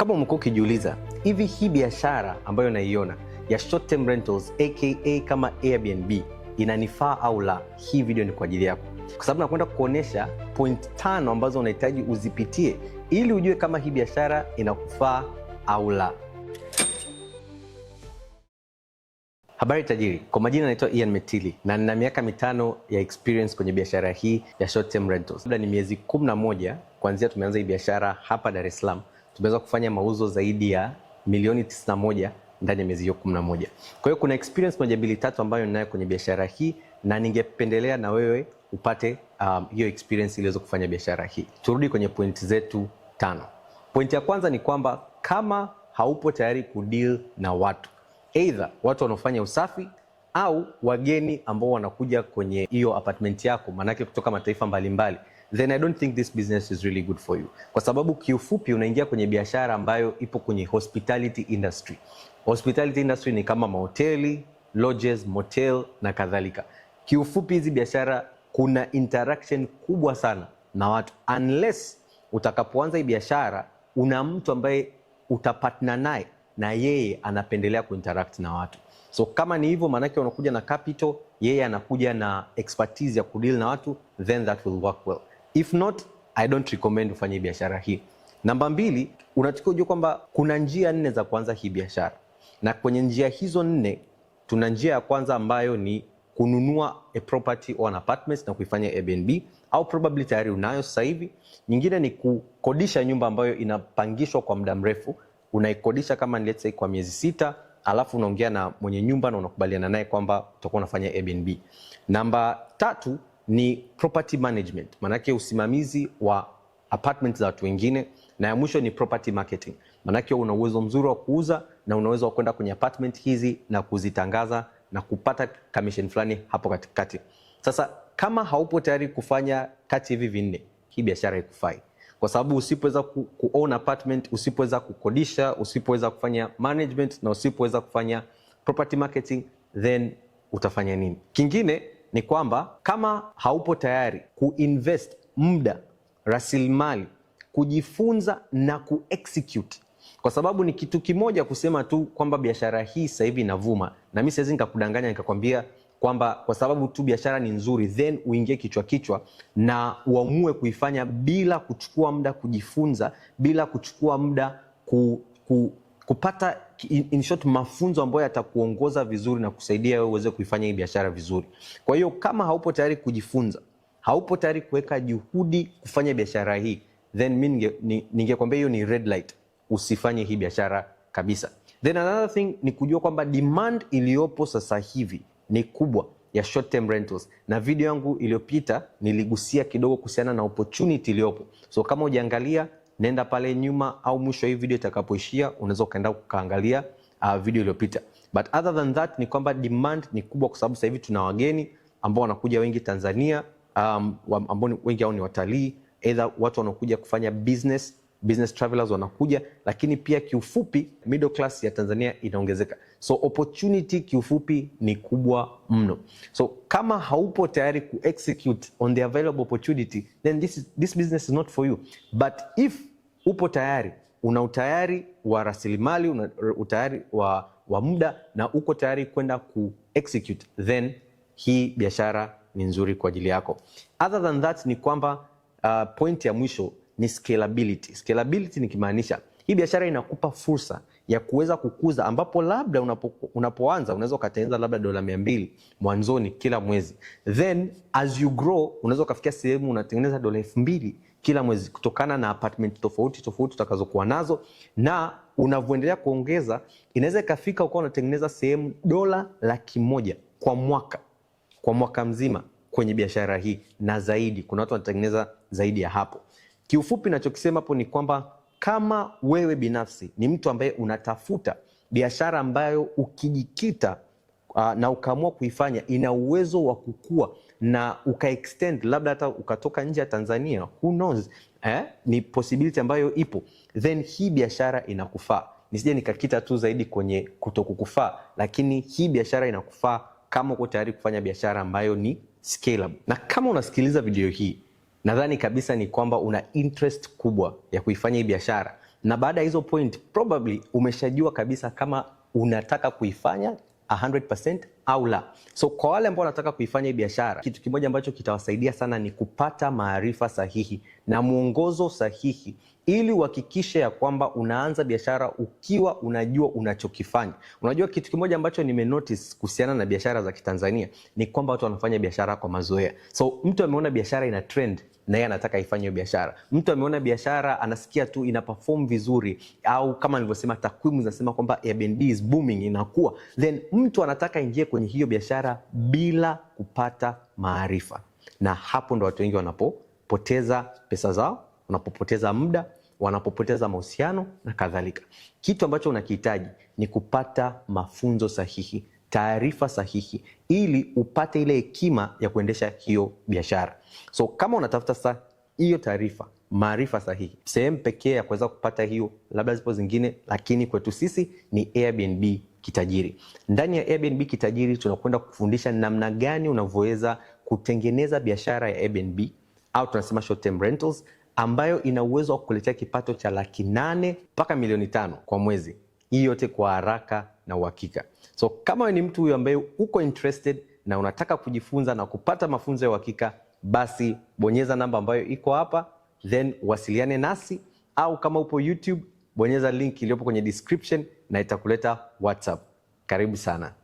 Kama umekuwa ukijiuliza hivi, hii biashara ambayo naiona ya short term rentals aka kama Airbnb inanifaa au la, hii video ni kwa ajili yako, kwa sababu nakwenda kuonyesha point tano ambazo unahitaji uzipitie ili ujue kama hii biashara inakufaa au la. Habari tajiri, kwa majina naitwa Ian Metili na nina miaka mitano ya experience kwenye biashara hii ya short term rentals. Labda ni miezi kumi na moja kuanzia tumeanza hii biashara hapa Dar es Salaam tumeweza kufanya mauzo zaidi ya milioni 91 ndani ya miezi hiyo 11. Kwa hiyo kuna experience moja mbili tatu ambayo ninayo kwenye biashara hii na ningependelea na wewe upate um, hiyo experience ili uweze kufanya biashara hii. Turudi kwenye point zetu tano. Point ya kwanza ni kwamba kama haupo tayari kudeal na watu, either watu wanaofanya usafi au wageni ambao wanakuja kwenye hiyo apartment yako, maanake kutoka mataifa mbalimbali mbali then I don't think this business is really good for you, kwa sababu kiufupi unaingia kwenye biashara ambayo ipo kwenye hospitality industry. Hospitality industry ni kama mahoteli, lodges, motel na kadhalika. Kiufupi hizi biashara kuna interaction kubwa sana na watu, unless utakapoanza hii biashara una mtu ambaye utapatna naye na yeye anapendelea kuinteract na watu. So kama ni hivyo, maanake unakuja na capital, yeye anakuja na expertise ya kudeal na watu, then that will work well. If not, I don't recommend ufanye biashara hii. Namba mbili, unatakiwa ujue kwamba kuna njia nne za kuanza hii biashara, na kwenye njia hizo nne tuna njia ya kwanza ambayo ni kununua a property or an apartment na kuifanya Airbnb au probably tayari unayo sasa hivi. Nyingine ni kukodisha nyumba ambayo inapangishwa kwa muda mrefu, unaikodisha kama let's say kwa miezi sita, alafu unaongea na mwenye nyumba na unakubaliana naye kwamba utakuwa unafanya Airbnb. Namba tatu ni property management, maanake usimamizi wa apartment za watu wengine, na ya mwisho ni property marketing, maanake una uwezo mzuri wa kuuza na unaweza wa kwenda kwenye apartment hizi na kuzitangaza na kupata commission fulani hapo katikati. Sasa kama haupo tayari kufanya kati hivi vinne, hii biashara haikufai kwa sababu usipoweza ku, ku own apartment, usipoweza kukodisha, usipoweza kufanya management na usipoweza kufanya property marketing, then utafanya nini? Kingine ni kwamba kama haupo tayari kuinvest muda, rasilimali, kujifunza na kuexecute kwa sababu ni kitu kimoja kusema tu kwamba biashara hii sasa hivi inavuma, na mimi siwezi nikakudanganya nikakwambia kwamba kwa sababu tu biashara ni nzuri then uingie kichwa kichwa na uamue kuifanya bila kuchukua muda kujifunza, bila kuchukua muda ku, ku, kupata in short mafunzo ambayo yatakuongoza vizuri na kusaidia wewe uweze kuifanya hii biashara vizuri. Kwa hiyo kama haupo tayari kujifunza, haupo tayari kuweka juhudi kufanya biashara hii, then mimi ningekwambia hiyo ni red light, usifanye hii biashara kabisa. Then another thing ni kujua kwamba demand iliyopo sasa hivi ni kubwa ya short term rentals, na video yangu iliyopita niligusia kidogo kuhusiana na opportunity iliyopo, so kama hujaangalia nenda pale nyuma au mwisho hii video itakapoishia, unaweza ukaenda ukaangalia uh, video iliyopita. But other than that ni kwamba demand ni kubwa, kwa sababu sasa hivi tuna wageni ambao wanakuja wengi Tanzania, um, ambao wengi hao ni watalii, either watu wanaokuja kufanya business business travelers wanakuja, lakini pia kiufupi middle class ya Tanzania inaongezeka, so opportunity kiufupi ni kubwa mno. So kama haupo tayari ku execute on the available opportunity then this, is, this business is not for you but if upo tayari, una utayari wa rasilimali, una utayari wa, wa muda na uko tayari kwenda ku execute, then hii biashara ni nzuri kwa ajili yako. Other than that ni kwamba uh, point ya mwisho ni scalability. Scalability nikimaanisha hii biashara inakupa fursa ya kuweza kukuza ambapo labda unapo, unapoanza unaweza ukatengeneza labda dola mia mbili mwanzoni kila mwezi, then as you grow unaweza ukafikia sehemu unatengeneza dola elfu mbili kila mwezi kutokana na apartment tofauti tofauti utakazokuwa nazo, na unavyoendelea kuongeza, inaweza ikafika ukawa unatengeneza sehemu dola laki moja kwa mwaka, kwa mwaka mzima kwenye biashara hii na zaidi. Kuna watu wanatengeneza zaidi ya hapo. Kiufupi, nachokisema hapo ni kwamba kama wewe binafsi ni mtu ambaye unatafuta biashara ambayo ukijikita uh, na ukaamua kuifanya ina uwezo wa kukua na ukaextend labda hata ukatoka nje ya Tanzania, who knows eh? Ni possibility ambayo ipo, then hii biashara inakufaa. Nisije nikakita tu zaidi kwenye kutokukufaa, lakini hii biashara inakufaa kama uko tayari kufanya biashara ambayo ni scalable. Na kama unasikiliza video hii, nadhani kabisa ni kwamba una interest kubwa ya kuifanya hii biashara, na baada ya hizo point probably umeshajua kabisa kama unataka kuifanya 100% au la. So kwa wale ambao wanataka kuifanya hii biashara, kitu kimoja ambacho kitawasaidia sana ni kupata maarifa sahihi na mwongozo sahihi, ili uhakikishe ya kwamba unaanza biashara ukiwa unajua unachokifanya. Unajua, kitu kimoja ambacho nime notice kuhusiana na biashara za Kitanzania ni kwamba watu wanafanya biashara kwa mazoea. So mtu ameona biashara ina trend na yeye anataka ifanye hiyo biashara. Mtu ameona biashara anasikia tu ina perform vizuri, au kama nilivyosema, takwimu zinasema kwamba Airbnb is booming, inakuwa, then mtu anataka ingie kwenye kwenye hiyo biashara bila kupata maarifa, na hapo ndo watu wengi wanapopoteza pesa zao, wanapopoteza muda, wanapopoteza mahusiano na kadhalika. Kitu ambacho unakihitaji ni kupata mafunzo sahihi, taarifa sahihi, ili upate ile hekima ya kuendesha hiyo biashara. So kama unatafuta sasa hiyo taarifa maarifa sahihi, sehemu pekee ya kuweza kupata hiyo, labda zipo zingine, lakini kwetu sisi ni Airbnb kitajiri. Ndani ya Airbnb kitajiri tunakwenda kufundisha namna gani unavyoweza kutengeneza biashara ya Airbnb au tunasema short term rentals ambayo ina uwezo wa kukuletea kipato cha laki nane mpaka milioni tano kwa mwezi. Hii yote kwa haraka na uhakika. So kama we ni mtu huyo ambaye uko interested na unataka kujifunza na kupata mafunzo ya uhakika, basi bonyeza namba ambayo iko hapa, then wasiliane nasi, au kama upo YouTube bonyeza link iliyopo kwenye description na itakuleta WhatsApp. Karibu sana.